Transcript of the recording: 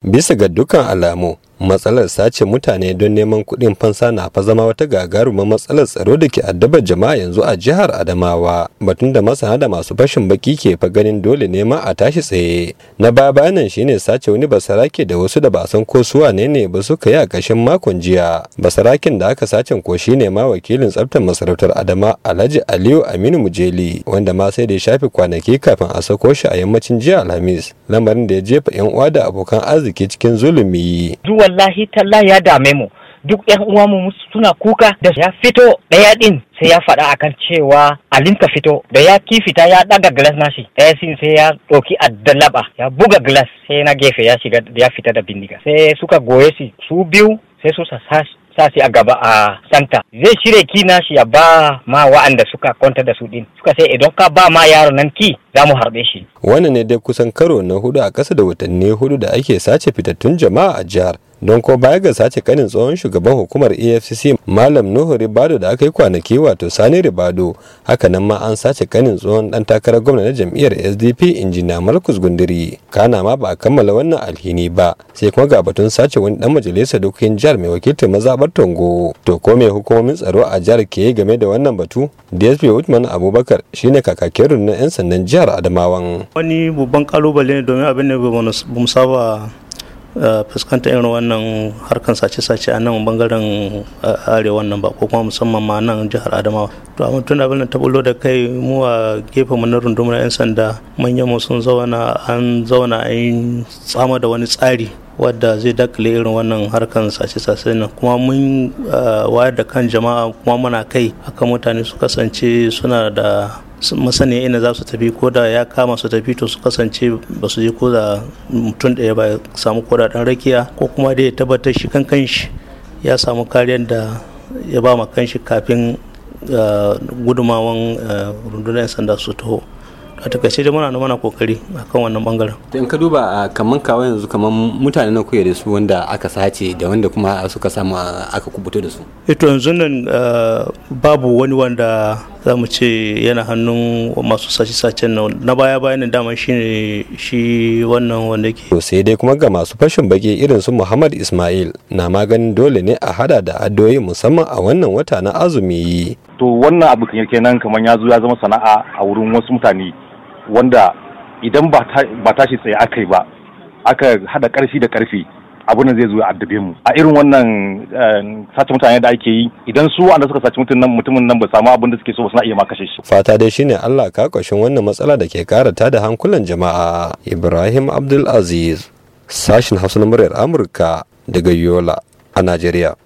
bisa ga dukkan alamu matsalar sace mutane don neman kuɗin fansa na fa zama wata gagarumar matsalar tsaro da ke addabar jama'a yanzu a jihar adamawa batun da masana da masu fashin baki ke fa ganin dole nema a tashi tsaye na baya bayanan shine sace wani basarake da wasu da ba san ko su wane ne ba suka yi a ƙarshen makon jiya basaraken da aka sacen ko shine ma wakilin tsaftar masarautar adama alhaji aliyu aminu mujeli wanda ma sai da ya shafi kwanaki kafin a sako shi a yammacin jiya alhamis lamarin da ya jefa yan uwa da abokan arziki cikin zulumi wallahi talla ya dame mu duk yan uwa mu suna kuka da ya fito ɗaya ɗin sai ya faɗa akan cewa alinka fito da ya kifita ya ɗaga glass nashi ɗaya sin sai ya ɗauki addalaba ya buga glass sai na gefe ya shiga ya fita da bindiga sai suka goye shi su biyu sai su sasi a gaba a santa zai shirya ki nashi ya ba ma wa'anda suka kwanta da su din suka sai idan ka ba ma yaron nan ki za mu harbe shi wannan ne dai kusan karo na hudu a ƙasa da watanni hudu da ake sace fitattun jama'a a jihar don ko baya ga sace kanin tsohon shugaban hukumar efcc malam nuhu ribado da aka yi kwanaki wato sani ribado hakanan ma an sace kanin tsohon dan takarar gwamna na jam'iyyar sdp injina markus gundiri kana ma ba a kammala wannan alhini ba sai kuma ga batun sace wani dan majalisar dokokin jihar mai wakiltar mazabar tongo to ko mai hukumomin tsaro a jihar ke yi game da wannan batu dsp Uthman abubakar shine kakakin rundunar yan sandan jihar adamawan wani babban kalubale ne domin abin da ba saba Eh, fuskantar irin wannan harkan sace-sace a nan bangaren eh, arewa nan ba ko kuma musamman ma nan jihar adamawa to amma tun abin ta bullo da kai mu a gefe mu na rundunar 'yan sanda manyan mu sun zauna an zauna an tsama da wani tsari wadda zai dakile irin wannan harkan sace-sace nan kuma mun eh, wayar da kan jama'a kuma muna kai akan mutane su kasance suna da masani ina za su tafi ko da ya kama su tafi to su kasance ba su je ko da mutum ɗaya ba samu ko da ɗan rakiya ko kuma dai ya tabbatar shi kan kanshi ya samu kariyar da ya ba ma kanshi kafin eh, gudumawan eh, rundunar sanda su taho a takaice da muna mana kokari akan wannan bangaren in ka duba kaman kawo yanzu kaman mutane na kuya da su wanda aka sace da wanda kuma suka samu aka kubuto da su ito eh, yanzu nan babu wani wanda za mu ce yana hannun masu sace-sacen nan na baya bayan dama shine shi wannan wanda yake sai dai kuma ga masu fashin baki irin su Muhammad Ismail na maganin dole ne a hada da addoyi musamman a wannan wata na azumi to wannan abu kenan kamar ya ya zama sana'a a wurin wasu mutane wanda idan ba tashi tsaye aka yi ba aka hada karfi da karfi abin zai zo a addabi mu a irin wannan eh, sace mutane da ake yi idan su wanda suka sace mutum mutumin nan ba samu abin da suke so ba suna iya ma kashe shi fata dai shine Allah ka kwashin wannan matsala da ke karata da hankulan jama'a Ibrahim Abdul Aziz sashin Hausa na muryar Amurka daga Yola a Najeriya